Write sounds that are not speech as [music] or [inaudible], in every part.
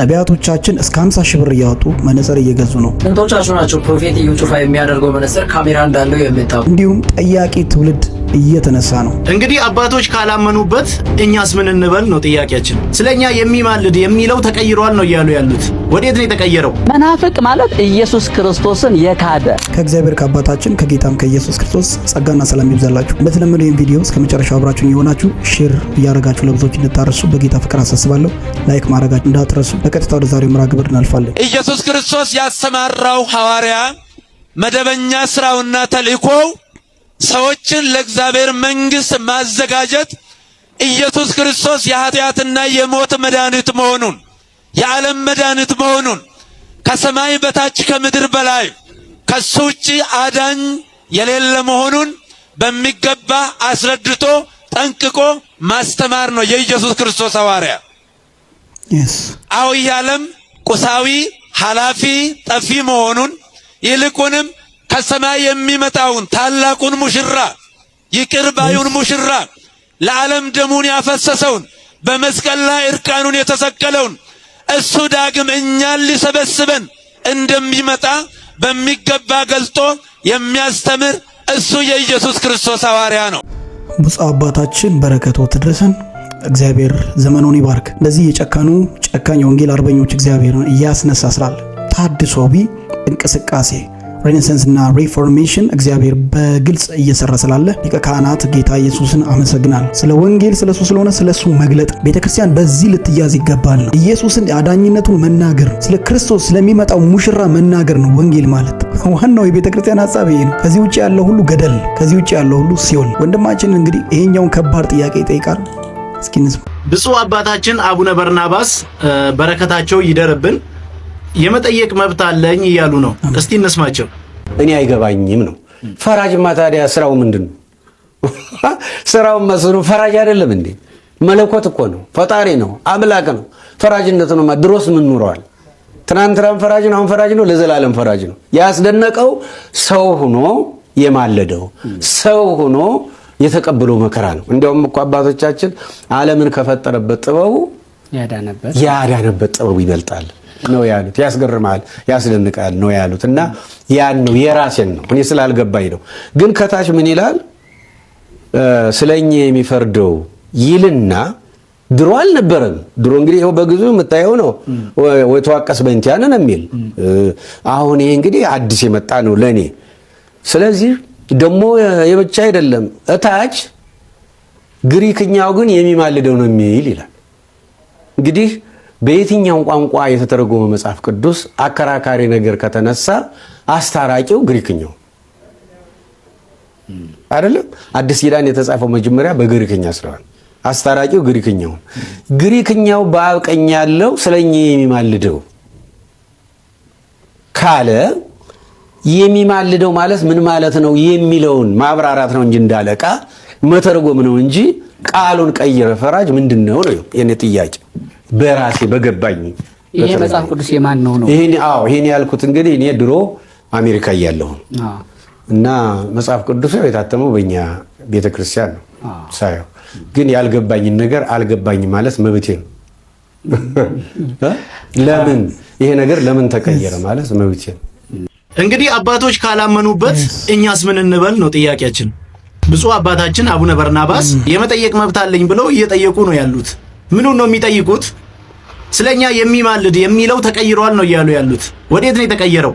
ነቢያቶቻችን እስከ 50 ሺህ ብር እያወጡ መነጽር እየገዙ ነው። ስንቶቻችሁ ናቸው ፕሮፌት ኢዩ ጩፋ የሚያደርገው መነጽር ካሜራ እንዳለው የምታውቁ? እንዲሁም ጠያቂ ትውልድ እየተነሳ ነው። እንግዲህ አባቶች ካላመኑበት እኛስ ምን እንበል ነው ጥያቄያችን። ስለኛ የሚማልድ የሚለው ተቀይሯል ነው እያሉ ያሉት። ወዴት ነው የተቀየረው? መናፍቅ ማለት ኢየሱስ ክርስቶስን የካደ። ከእግዚአብሔር ከአባታችን ከጌታም ከኢየሱስ ክርስቶስ ጸጋና ሰላም ይብዛላችሁ። እንደተለመደው ይህን ቪዲዮ እስከ መጨረሻው አብራችሁ የሆናችሁ ሼር እያደረጋችሁ ለብዙዎች እንድታርሱ በጌታ ፍቅር አሳስባለሁ። ላይክ ማድረጋችሁ እንዳትረሱ። በቀጥታ ወደ ዛሬው ምራ ግብር እናልፋለን። ኢየሱስ ክርስቶስ ያሰማራው ሐዋርያ መደበኛ ስራውና ተልእኮው ሰዎችን ለእግዚአብሔር መንግሥት ማዘጋጀት ኢየሱስ ክርስቶስ የኃጢአትና የሞት መድኃኒት መሆኑን የዓለም መድኃኒት መሆኑን ከሰማይ በታች ከምድር በላይ ከሱ ውጭ አዳኝ የሌለ መሆኑን በሚገባ አስረድቶ ጠንቅቆ ማስተማር ነው የኢየሱስ ክርስቶስ ሐዋርያ። አዎ ይህ ዓለም ቁሳዊ ኃላፊ ጠፊ መሆኑን ይልቁንም ከሰማይ የሚመጣውን ታላቁን ሙሽራ ይቅር ባዩን ሙሽራ ለዓለም ደሙን ያፈሰሰውን በመስቀል ላይ እርቃኑን የተሰቀለውን እሱ ዳግም እኛን ሊሰበስበን እንደሚመጣ በሚገባ ገልጦ የሚያስተምር እሱ የኢየሱስ ክርስቶስ ሐዋርያ ነው። ብፁዕ አባታችን በረከቶ ትድረሰን። እግዚአብሔር ዘመኑን ይባርክ። እንደዚህ የጨከኑ ጨካኝ ወንጌል አርበኞች እግዚአብሔርን እያስነሳ ስላል ታድሶ ቢ እንቅስቃሴ ሬኔሰንስ እና ሪፎርሜሽን እግዚአብሔር በግልጽ እየሰራ ስላለ ሊቀ ካህናት ጌታ ኢየሱስን አመሰግናል። ስለ ወንጌል፣ ስለ እሱ ስለሆነ ስለ እሱ መግለጥ ቤተክርስቲያን በዚህ ልትያዝ ይገባል ነው። ኢየሱስን አዳኝነቱን መናገር፣ ስለ ክርስቶስ ስለሚመጣው ሙሽራ መናገር ነው ወንጌል ማለት። ዋናው የቤተክርስቲያን ሀሳብ ይሄ ነው። ከዚህ ውጭ ያለው ሁሉ ገደል፣ ከዚህ ውጭ ያለው ሁሉ ሲሆን ወንድማችን እንግዲህ ይሄኛውን ከባድ ጥያቄ ይጠይቃል። እስኪ እንስማ። ብፁዕ አባታችን አቡነ በርናባስ በረከታቸው ይደርብን። የመጠየቅ መብት አለኝ እያሉ ነው። እስቲ እንስማቸው። እኔ አይገባኝም ነው። ፈራጅማ ታዲያ ስራው ምንድን ነው? [laughs] ስራውን መስሉ ፈራጅ አይደለም እንዴ? መለኮት እኮ ነው፣ ፈጣሪ ነው፣ አምላክ ነው። ፈራጅነቱ ነው ድሮስ ምን ኑረዋል? ትናንትናም ፈራጅ ነው፣ አሁን ፈራጅ ነው፣ ለዘላለም ፈራጅ ነው። ያስደነቀው ሰው ሆኖ የማለደው ሰው ሆኖ የተቀበለው መከራ ነው። እንዲያውም እኮ አባቶቻችን ዓለምን ከፈጠረበት ጥበቡ ያዳነበት ጥበቡ ይበልጣል ነው ያሉት። ያስገርማል፣ ያስደንቃል ነው ያሉት። እና ያን ነው የራሴን ነው እኔ ስላልገባኝ ነው። ግን ከታች ምን ይላል? ስለኛ የሚፈርደው ይልና ድሮ አልነበረም። ድሮ እንግዲህ ይኸው በግዙ የምታየው ነው ወይተዋቀስ በእንቲያን ነው የሚል አሁን ይሄ እንግዲህ አዲስ የመጣ ነው ለእኔ። ስለዚህ ደግሞ የብቻ አይደለም እታች ግሪክኛው ግን የሚማልደው ነው የሚል ይላል እንግዲህ በየትኛው ቋንቋ የተተረጎመ መጽሐፍ ቅዱስ አከራካሪ ነገር ከተነሳ አስታራቂው ግሪክኛው አይደለም። አዲስ ኪዳን የተጻፈው መጀመሪያ በግሪክኛ ስለሆነ አስታራቂው ግሪክኛው። ግሪክኛው በአብ ቀኝ ያለው ስለኛ የሚማልደው ካለ የሚማልደው ማለት ምን ማለት ነው የሚለውን ማብራራት ነው እንጂ እንዳለቃ መተርጎም ነው እንጂ ቃሉን ቀይረ ፈራጅ ምንድን ነው ነው የኔ ጥያቄ። በራሴ በገባኝ ይሄ መጽሐፍ ቅዱስ የማን ነው ነው ይሄን አዎ ይሄን ያልኩት እንግዲህ እኔ ድሮ አሜሪካ እያለሁ እና መጽሐፍ ቅዱስ የታተመው በእኛ ቤተክርስቲያን ነው ሳየው ግን ያልገባኝን ነገር አልገባኝ ማለት መብቴ ነው። [laughs] ለምን ይሄ ነገር ለምን ተቀየረ ማለት መብቴ ነው። እንግዲህ አባቶች ካላመኑበት እኛስ ምን እንበል ነው ጥያቄያችን። ብፁዕ አባታችን አቡነ በርናባስ የመጠየቅ መብት አለኝ ብለው እየጠየቁ ነው ያሉት። ምኑን ነው የሚጠይቁት? ስለኛ የሚማልድ የሚለው ተቀይሯል ነው እያሉ ያሉት። ወዴት ነው የተቀየረው?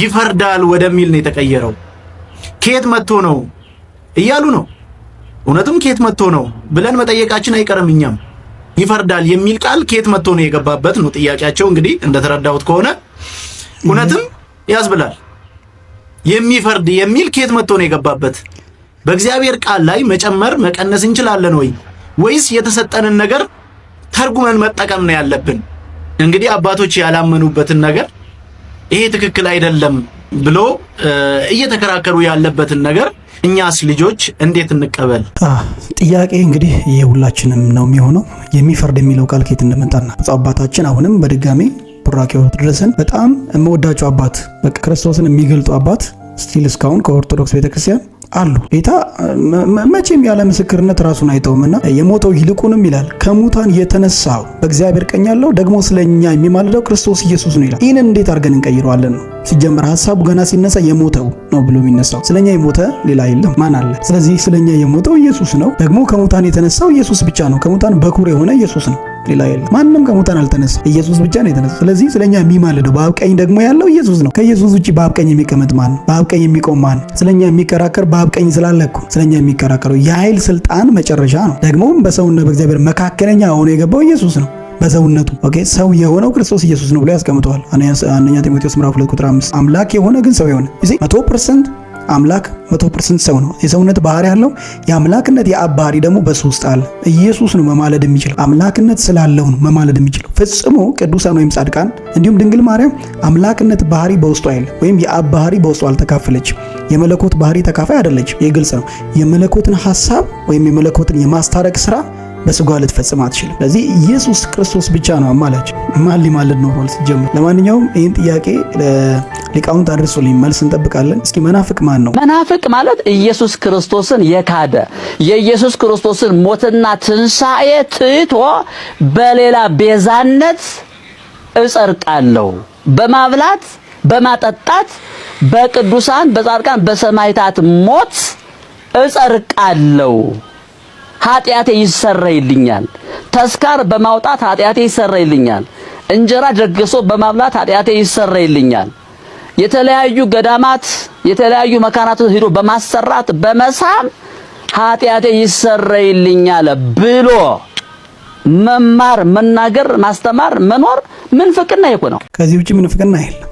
ይፈርዳል ወደሚል ነው የተቀየረው። ከየት መጥቶ ነው እያሉ ነው። እውነትም ከየት መጥቶ ነው ብለን መጠየቃችን አይቀርም። እኛም ይፈርዳል የሚል ቃል ከየት መጥቶ ነው የገባበት ነው ጥያቄያቸው። እንግዲህ እንደተረዳሁት ከሆነ እውነትም ያዝብላል። የሚፈርድ የሚል ኬት መጥቶ ነው የገባበት? በእግዚአብሔር ቃል ላይ መጨመር መቀነስ እንችላለን ወይ ወይስ የተሰጠንን ነገር ተርጉመን መጠቀም ነው ያለብን? እንግዲህ አባቶች ያላመኑበትን ነገር ይሄ ትክክል አይደለም ብሎ እየተከራከሩ ያለበትን ነገር እኛስ ልጆች እንዴት እንቀበል? ጥያቄ እንግዲህ የሁላችንም ነው የሚሆነው። የሚፈርድ የሚለው ቃል ከየት እንደመጣና አባታችን አሁንም በድጋሜ ቡራኬው ድረስን በጣም የምወዳቸው አባት በቃ ክርስቶስን የሚገልጡ አባት ስቲል እስካሁን ከኦርቶዶክስ ቤተክርስቲያን አሉ። ጌታ መቼም ያለ ምስክርነት ራሱን አይተውም እና የሞተው ይልቁንም ይላል ከሙታን የተነሳው በእግዚአብሔር ቀኝ ያለው ደግሞ ስለኛ የሚማልደው ክርስቶስ ኢየሱስ ነው ይላል። ይህንን እንዴት አድርገን እንቀይረዋለን ነው ሲጀመር ሀሳቡ ገና ሲነሳ የሞተው ነው ብሎ የሚነሳው ስለኛ የሞተ ሌላ የለም ማን አለ? ስለዚህ ስለኛ የሞተው ኢየሱስ ነው፣ ደግሞ ከሙታን የተነሳው ኢየሱስ ብቻ ነው። ከሙታን በኩር የሆነ ኢየሱስ ነው። ሌላ የለም። ማንም ከሙታን አልተነሳም። ኢየሱስ ብቻ ነው የተነሳ። ስለዚህ ስለኛ የሚማልደው በአብ ቀኝ ደግሞ ያለው ኢየሱስ ነው። ከኢየሱስ ውጭ በአብ ቀኝ የሚቀመጥ ማን? በአብ ቀኝ የሚቆም ማን? ስለኛ የሚከራከር በአብ ቀኝ ስላለ እኮ ስለኛ የሚከራከረው የኃይል ስልጣን መጨረሻ ነው። ደግሞም በሰውና በእግዚአብሔር መካከለኛ ሆኖ የገባው ኢየሱስ ነው። በሰውነቱ ኦኬ ሰው የሆነው ክርስቶስ ኢየሱስ ነው ብሎ ያስቀምጠዋል። አንደኛ ጢሞቴዎስ ምዕራፍ 2 ቁጥር 5 አምላክ የሆነ ግን ሰው የሆነ ይዜ 100% አምላክ 100% ሰው ነው። የሰውነት ባህሪ ያለው የአምላክነት የአብ ባህሪ ደግሞ በሱ አለ። ኢየሱስ ነው መማለድ የሚችለው አምላክነት ስላለው ነው መማለድ የሚችለው ፍጽሙ ቅዱሳን ወይም ጻድቃን እንዲሁም ድንግል ማርያም አምላክነት ባህሪ በውስጡ አይል ወይም የአብ ባህሪ በውስጡ አልተካፈለች። የመለኮት ባህሪ ተካፋይ አይደለች ይህ ግልጽ ነው። የመለኮትን ሐሳብ ወይም የመለኮትን የማስታረቅ ስራ በስጋ ልትፈጽም አትችልም። ስለዚህ ኢየሱስ ክርስቶስ ብቻ ነው አማላጅ። ማን ሊማልድ ኖሯል ሲጀምር? ለማንኛውም ይህን ጥያቄ ሊቃውንት አድርሱልኝ፣ መልስ እንጠብቃለን። እስኪ መናፍቅ ማን ነው? መናፍቅ ማለት ኢየሱስ ክርስቶስን የካደ የኢየሱስ ክርስቶስን ሞትና ትንሣኤ ትቶ በሌላ ቤዛነት እጸርቃለሁ በማብላት በማጠጣት በቅዱሳን በጻድቃን በሰማይታት ሞት እጸርቃለሁ ኃጢአቴ ይሰረይልኛል። ተስካር በማውጣት ኃጢአቴ ይሰረይልኛል። እንጀራ ደግሶ በማብላት ኃጢአቴ ይሰረይልኛል። የተለያዩ ገዳማት የተለያዩ መካናት ሄዶ በማሰራት በመሳም ኃጢአቴ ይሰረይልኛል ብሎ መማር መናገር ማስተማር መኖር ምንፍቅና ይኮ ነው። ከዚህ ውጭ ምንፍቅና የለም።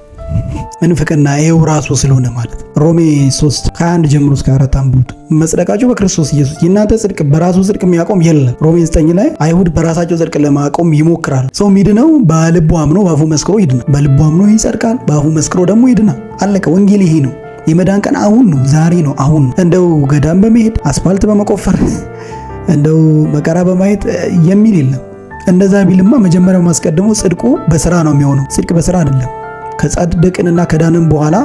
ምንፍቅና ይሄው ራሱ ስለሆነ ማለት ሮሜ 3 21 ጀምሮ እስከ 4 አንብቡት። መጽደቃችሁ በክርስቶስ ኢየሱስ የእናንተ ጽድቅ በራሱ ጽድቅ የሚያቆም የለም። ሮሜ 9 ላይ አይሁድ በራሳቸው ጽድቅ ለማቆም ይሞክራል። ሰው ሚድነው በልቡ አምኖ በአፉ መስክሮ ይድናል። በልቡ አምኖ ይጸድቃል፣ በአፉ መስክሮ ደግሞ ይድናል። አለቀ። ወንጌል ይሄ ነው። የመዳን ቀን አሁን ነው፣ ዛሬ ነው። አሁን እንደው ገዳም በመሄድ አስፋልት በመቆፈር [laughs] እንደው መቀራ በማየት የሚል የለም። እንደዛ ቢልማ መጀመሪያው ማስቀድሞ ጽድቁ በስራ ነው የሚሆነው። ጽድቅ በስራ አይደለም። ከጸደቅንና ከዳንን በኋላ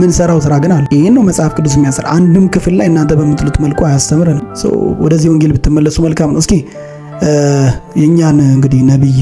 ምን ሰራው ስራ ግን አለ። ይህን ነው መጽሐፍ ቅዱስ የሚያስር አንድም ክፍል ላይ እናንተ በምትሉት መልኩ አያስተምረንም። ወደዚህ ወንጌል ብትመለሱ መልካም ነው። እስኪ የእኛን እንግዲህ ነቢይ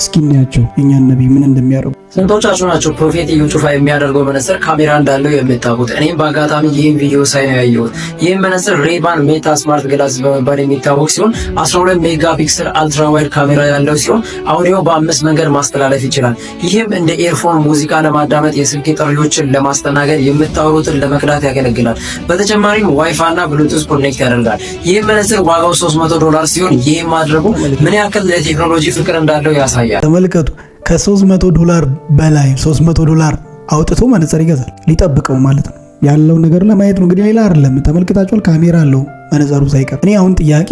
እስኪ እናያቸው የእኛን ነቢይ ምን እንደሚያደርጉ። ስንቶቻችሁ ናቸው ፕሮፌት ኢዩ ጩፋ የሚያደርገው መነጽር ካሜራ እንዳለው የምታውቁት? እኔም በአጋጣሚ ይህን ቪዲዮ ሳይ ነው ያየሁት። ይህም መነጽር ሬባን ሜታ ስማርት ግላስ በመባል የሚታወቅ ሲሆን 12 ሜጋ ፒክስል አልትራ ዋይድ ካሜራ ያለው ሲሆን አውዲዮ በአምስት መንገድ ማስተላለፍ ይችላል። ይህም እንደ ኤርፎን ሙዚቃ ለማዳመጥ፣ የስልክ ጥሪዎችን ለማስተናገድ፣ የምታወሩትን ለመቅዳት ያገለግላል። በተጨማሪም ዋይፋ እና ብሉቱዝ ኮኔክት ያደርጋል። ይህም መነጽር ዋጋው 300 ዶላር ሲሆን ይህም ማድረጉ ምን ያክል ለቴክኖሎጂ ፍቅር እንዳለው ያሳያል። ያሳያል። ተመልከቱ ከ300 ዶላር በላይ 300 ዶላር አውጥቶ መነጽር ይገዛል። ሊጠብቀው ማለት ነው ያለውን ነገር ለማየት ነው። እንግዲህ ሌላ አይደለም። ተመልክታችኋል። ካሜራ አለው መነጽሩ ሳይቀር። እኔ አሁን ጥያቄ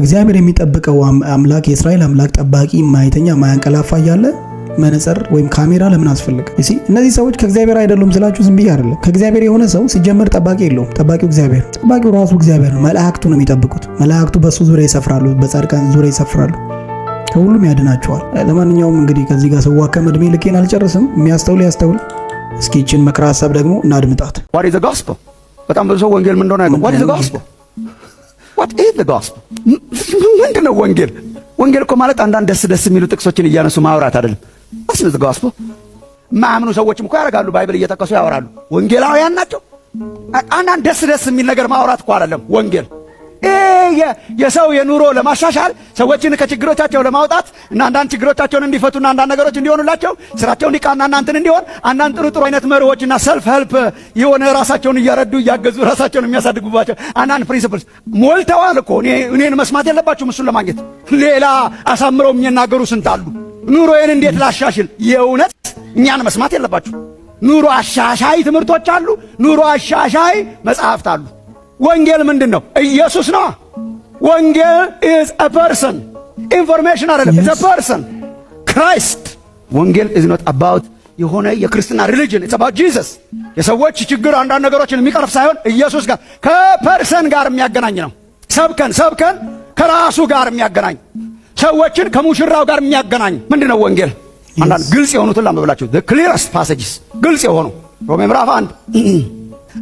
እግዚአብሔር የሚጠብቀው አምላክ የእስራኤል አምላክ ጠባቂ ማየተኛ ማያንቀላፋ እያለ መነጽር ወይም ካሜራ ለምን አስፈለገ? እሺ እነዚህ ሰዎች ከእግዚአብሔር አይደሉም ስላችሁ ዝም ብዬ አይደለም። ከእግዚአብሔር የሆነ ሰው ሲጀመር ጠባቂ የለውም። ጠባቂው እግዚአብሔር፣ ጠባቂው ራሱ እግዚአብሔር ነው። መላእክቱ ነው የሚጠብቁት። መላእክቱ በእሱ ዙሪያ ይሰፍራሉ፣ በጻድቃን ዙሪያ ይሰፍራሉ። ከሁሉም ያድናቸዋል። ለማንኛውም እንግዲህ ከዚህ ጋር ስዋከም እድሜ ልኬን አልጨርስም። የሚያስተውል ያስተውል። እስኪ ይችን ምክረ ሀሳብ ደግሞ እናድምጣት። በጣም ብዙ ሰው ወንጌል ምን እንደሆነ ምንድን ነው ወንጌል? ወንጌል እኮ ማለት አንዳንድ ደስ ደስ የሚሉ ጥቅሶችን እያነሱ ማውራት አይደለም። አስነዝ ጋስፖ ማምኑ ሰዎችም እኮ ያደርጋሉ። ባይብል እየጠቀሱ ያወራሉ። ወንጌላውያን ናቸው። አንዳንድ ደስ ደስ የሚል ነገር ማውራት እኮ አይደለም ወንጌል የሰው የኑሮ ለማሻሻል ሰዎችን ከችግሮቻቸው ለማውጣት እና አንዳንድ ችግሮቻቸውን እንዲፈቱና አንዳንድ ነገሮች እንዲሆኑላቸው ስራቸው እንዲቃና እናንትን እንዲሆን አንዳንድ ጥሩ ጥሩ አይነት መሪዎችና ሰልፍ ሄልፕ የሆነ ራሳቸውን እያረዱ እያገዙ ራሳቸውን የሚያሳድጉባቸው አንዳንድ ፕሪንሲፕልስ ሞልተዋል እኮ እኔን መስማት የለባችሁም እሱን ለማግኘት ሌላ አሳምረው የሚናገሩ ስንት አሉ። ኑሮዬን እንዴት ላሻሽል? የእውነት እኛን መስማት የለባችሁ። ኑሮ አሻሻይ ትምህርቶች አሉ። ኑሮ አሻሻይ መጽሐፍት አሉ። ወንጌል ምንድን ነው? ኢየሱስ ነው። ወንጌል ኢዝ አ ፐርሰን፣ ኢንፎርሜሽን አይደለም። ኢዝ አ ፐርሰን ክራይስት። ወንጌል ኢዝ ኖት አባውት የሆነ የክርስትና ሪሊጅን ኢዝ አባውት ጂሰስ። የሰዎች ችግር አንዳንድ ነገሮችን የሚቀርፍ ሳይሆን ኢየሱስ ጋር ከፐርሰን ጋር የሚያገናኝ ነው። ሰብከን ሰብከን ከራሱ ጋር የሚያገናኝ ሰዎችን ከሙሽራው ጋር የሚያገናኝ ምንድን ነው ወንጌል? አንዳንድ ግልጽ የሆኑትን ላንብብላችሁ። ዘ ክሊረስት ፓሰጅስ ግልጽ የሆኑ ሮሜ ምዕራፍ አንድ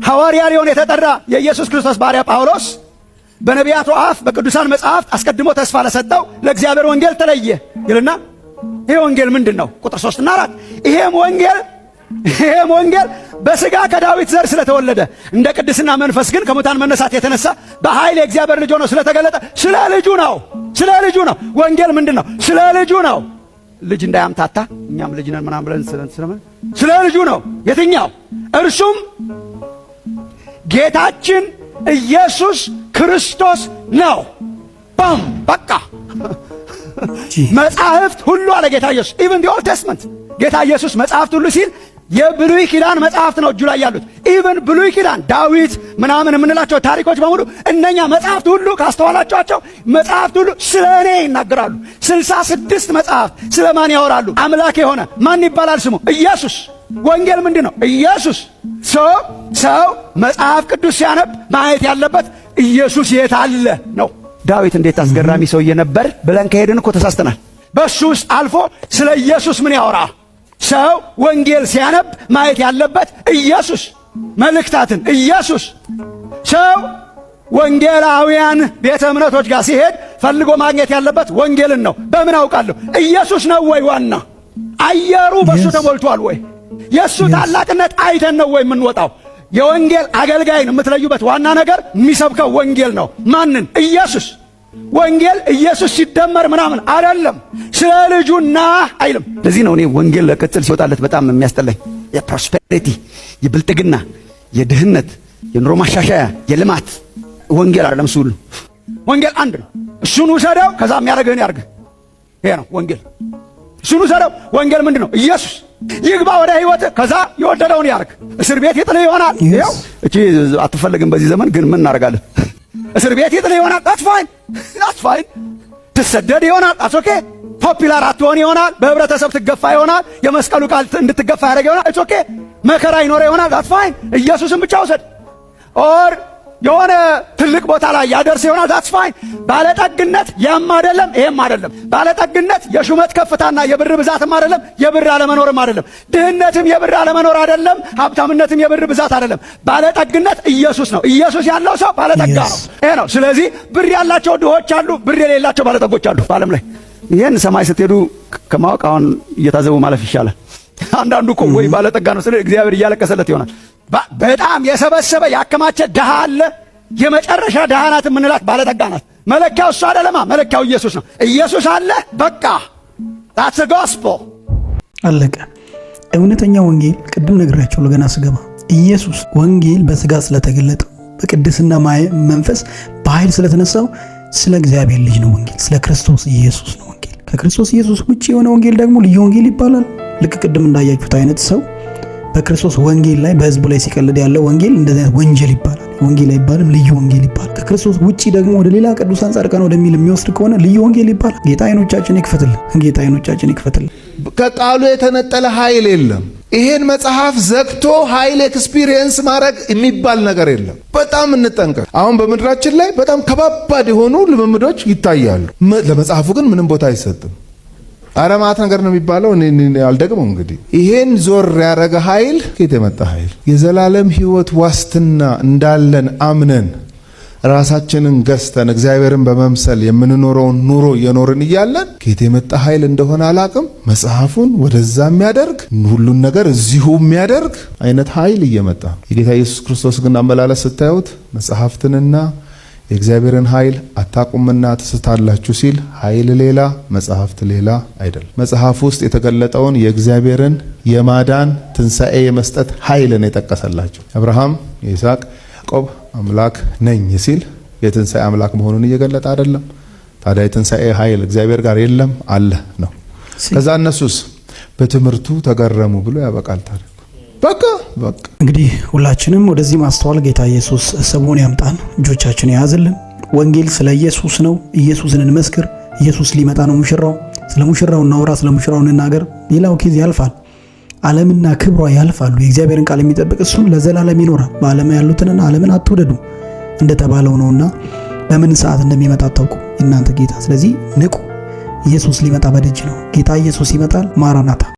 ሐዋርያ ሊሆን የተጠራ የኢየሱስ ክርስቶስ ባሪያ ጳውሎስ በነቢያቱ አፍ በቅዱሳን መጽሐፍት አስቀድሞ ተስፋ ለሰጠው ለእግዚአብሔር ወንጌል ተለየ ይልና ይሄ ወንጌል ምንድን ነው? ቁጥር ሶስትና አራት ይሄም ወንጌል ይሄም ወንጌል በስጋ ከዳዊት ዘር ስለተወለደ እንደ ቅድስና መንፈስ ግን ከሙታን መነሳት የተነሳ በኃይል የእግዚአብሔር ልጅ ሆኖ ስለተገለጠ ስለ ልጁ ነው። ስለ ልጁ ነው። ወንጌል ምንድን ነው? ስለ ልጁ ነው። ልጅ እንዳያምታታ እኛም ልጅ ነን ምናምን ብለን ስለ ልጁ ነው። የትኛው እርሱም ጌታችን ኢየሱስ ክርስቶስ ነው። ባም በቃ መጻሕፍት ሁሉ አለ ጌታ ኢየሱስ ኢቭን ዲ ኦልድ ቴስትመንት ጌታ ኢየሱስ መጽሐፍት ሁሉ ሲል የብሉይ ኪዳን መጽሐፍት ነው እጁ ላይ ያሉት። ኢቭን ብሉይ ኪዳን ዳዊት ምናምን የምንላቸው ታሪኮች በሙሉ እነኛ መጽሐፍት ሁሉ ካስተዋላቸዋቸው መጽሐፍት ሁሉ ስለ እኔ ይናገራሉ። ስልሳ ስድስት መጽሐፍት ስለ ማን ያወራሉ? አምላክ የሆነ ማን ይባላል ስሙ? ኢየሱስ ወንጌል ምንድ ነው? ኢየሱስ ሰው ሰው መጽሐፍ ቅዱስ ሲያነብ ማየት ያለበት ኢየሱስ የት አለ ነው። ዳዊት እንዴት አስገራሚ ሰውዬ ነበር ብለን ከሄድን እኮ ተሳስተናል። በእሱ ውስጥ አልፎ ስለ ኢየሱስ ምን ያወራ? ሰው ወንጌል ሲያነብ ማየት ያለበት ኢየሱስ መልእክታትን፣ ኢየሱስ ሰው ወንጌላውያን ቤተ እምነቶች ጋር ሲሄድ ፈልጎ ማግኘት ያለበት ወንጌልን ነው። በምን አውቃለሁ? ኢየሱስ ነው ወይ ዋና? አየሩ በእሱ ተሞልቷል ወይ? የእሱ ታላቅነት አይተን ነው ወይ የምንወጣው? የወንጌል አገልጋይን የምትለዩበት ዋና ነገር የሚሰብከው ወንጌል ነው። ማንን? ኢየሱስ። ወንጌል ኢየሱስ ሲደመር ምናምን አይደለም፣ ስለ ልጁና አይልም። ለዚህ ነው እኔ ወንጌል ለቅጽል ሲወጣለት በጣም የሚያስጠላኝ። የፕሮስፔሪቲ የብልጥግና የድህነት የኑሮ ማሻሻያ የልማት ወንጌል አይደለም። እሱ ሁሉ ወንጌል አንድ ነው። እሱን ውሰደው፣ ከዛ የሚያደርግህን ያርግህ። ይሄ ነው ወንጌል። እሱን ውሰደው። ወንጌል ምንድን ነው? ኢየሱስ ይግባ ወደ ህይወት፣ ከዛ የወደደውን ያርግ። እስር ቤት ይጥል ይሆናል። ይኸው እቺ አትፈልግም በዚህ ዘመን ግን ምን እናደርጋለን? እስር ቤት ይጥል ይሆናል። አትፋይን አትፋይን ትሰደድ ይሆናል። አትሶኬ ፖፒላር አትሆን ይሆናል። በህብረተሰብ ትገፋ ይሆናል። የመስቀሉ ቃል እንድትገፋ ያደረገ ይሆናል። አትሶኬ መከራ ይኖረ ይሆናል። አትፋይን ኢየሱስን ብቻ ውሰድ ኦር የሆነ ትልቅ ቦታ ላይ ያደርስ ይሆናል። ዛትስ ፋይን። ባለጠግነት ያም አይደለም ይሄም አይደለም። ባለጠግነት የሹመት ከፍታና የብር ብዛትም አይደለም፣ የብር አለመኖርም አይደለም። ድህነትም የብር አለመኖር አይደለም፣ ሀብታምነትም የብር ብዛት አይደለም። ባለጠግነት ኢየሱስ ነው። ኢየሱስ ያለው ሰው ባለጠጋ ነው። ይሄ ነው። ስለዚህ ብር ያላቸው ድሆች አሉ፣ ብር የሌላቸው ባለጠጎች አሉ በዓለም ላይ። ይህን ሰማይ ስትሄዱ ከማወቅ አሁን እየታዘቡ ማለፍ ይሻላል። አንዳንዱ እኮ ወይ ባለጠጋ ነው ስለ እግዚአብሔር እያለቀሰለት ይሆናል በጣም የሰበሰበ ያከማቸ ድሃ አለ። የመጨረሻ ድሃ ናት የምንላት ባለጠጋ ናት። መለኪያው እሱ አደለማ፣ መለኪያው ኢየሱስ ነው። ኢየሱስ አለ። በቃ ዳትስ ጎስፖ አለቀ። እውነተኛ ወንጌል ቅድም ነግራቸው ለገና ስገባ ኢየሱስ ወንጌል በስጋ ስለተገለጠው በቅድስና መንፈስ በኃይል ስለተነሳው ስለ እግዚአብሔር ልጅ ነው ወንጌል፣ ስለ ክርስቶስ ኢየሱስ ነው ወንጌል። ከክርስቶስ ኢየሱስ ውጭ የሆነ ወንጌል ደግሞ ልዩ ወንጌል ይባላል። ልክ ቅድም እንዳያችሁት አይነት ሰው በክርስቶስ ወንጌል ላይ በህዝቡ ላይ ሲቀልድ ያለው ወንጌል እንደዚህ አይነት ወንጀል ይባላል። ወንጌል አይባልም፣ ልዩ ወንጌል ይባላል። ከክርስቶስ ውጪ ደግሞ ወደ ሌላ ቅዱሳን ጻድቃን ወደሚል የሚወስድ ከሆነ ልዩ ወንጌል ይባላል። ጌታ አይኖቻችን ይክፈትልን፣ ጌታ አይኖቻችን ይክፈትልን። ከቃሉ የተነጠለ ኃይል የለም። ይሄን መጽሐፍ ዘግቶ ኃይል ኤክስፒሪየንስ ማድረግ የሚባል ነገር የለም። በጣም እንጠንቀቅ። አሁን በምድራችን ላይ በጣም ከባባድ የሆኑ ልምምዶች ይታያሉ። ለመጽሐፉ ግን ምንም ቦታ አይሰጥም። አረ ማት ነገር ነው የሚባለው። አልደግመው እንግዲህ ይሄን ዞር ያደረገ ኃይል ከየት የመጣ ኃይል? የዘላለም ህይወት ዋስትና እንዳለን አምነን ራሳችንን ገዝተን እግዚአብሔርን በመምሰል የምንኖረውን ኑሮ እየኖርን እያለን ከየት የመጣ ኃይል እንደሆነ አላቅም። መጽሐፉን ወደዛ የሚያደርግ ሁሉን ነገር እዚሁ የሚያደርግ አይነት ኃይል እየመጣ የጌታ ኢየሱስ ክርስቶስ ግን አመላለስ ስታዩት መጽሐፍትንና የእግዚአብሔርን ኃይል አታቁምና ትስታላችሁ ሲል ኃይል ሌላ መጽሐፍት ሌላ አይደለም። መጽሐፍ ውስጥ የተገለጠውን የእግዚአብሔርን የማዳን ትንሣኤ የመስጠት ኃይልን የጠቀሰላቸው አብርሃም፣ የይስሐቅ፣ ያዕቆብ አምላክ ነኝ ሲል የትንሣኤ አምላክ መሆኑን እየገለጠ አይደለም። ታዲያ የትንሣኤ ኃይል እግዚአብሔር ጋር የለም አለ ነው። ከዛ እነሱስ በትምህርቱ ተገረሙ ብሎ ያበቃል ታዲያ በቃ በቃ እንግዲህ ሁላችንም ወደዚህ ማስተዋል ጌታ ኢየሱስ ስሙን ያምጣን፣ እጆቻችን የያዝልን። ወንጌል ስለ ኢየሱስ ነው። ኢየሱስን እንመስክር። ኢየሱስ ሊመጣ ነው። ሙሽራው ስለ ሙሽራው እናውራ፣ ስለ ሙሽራው እንናገር። ሌላው ኬዝ ያልፋል። ዓለምና ክብሯ ያልፋሉ። የእግዚአብሔርን ቃል የሚጠብቅ እሱ ለዘላለም ይኖራል። በዓለም ያሉትንና ዓለምን አትውደዱ እንደተባለው ነውና በምን ሰዓት እንደሚመጣ አታውቁ እናንተ ጌታ። ስለዚህ ንቁ፣ ኢየሱስ ሊመጣ በደጅ ነው። ጌታ ኢየሱስ ይመጣል። ማራናታ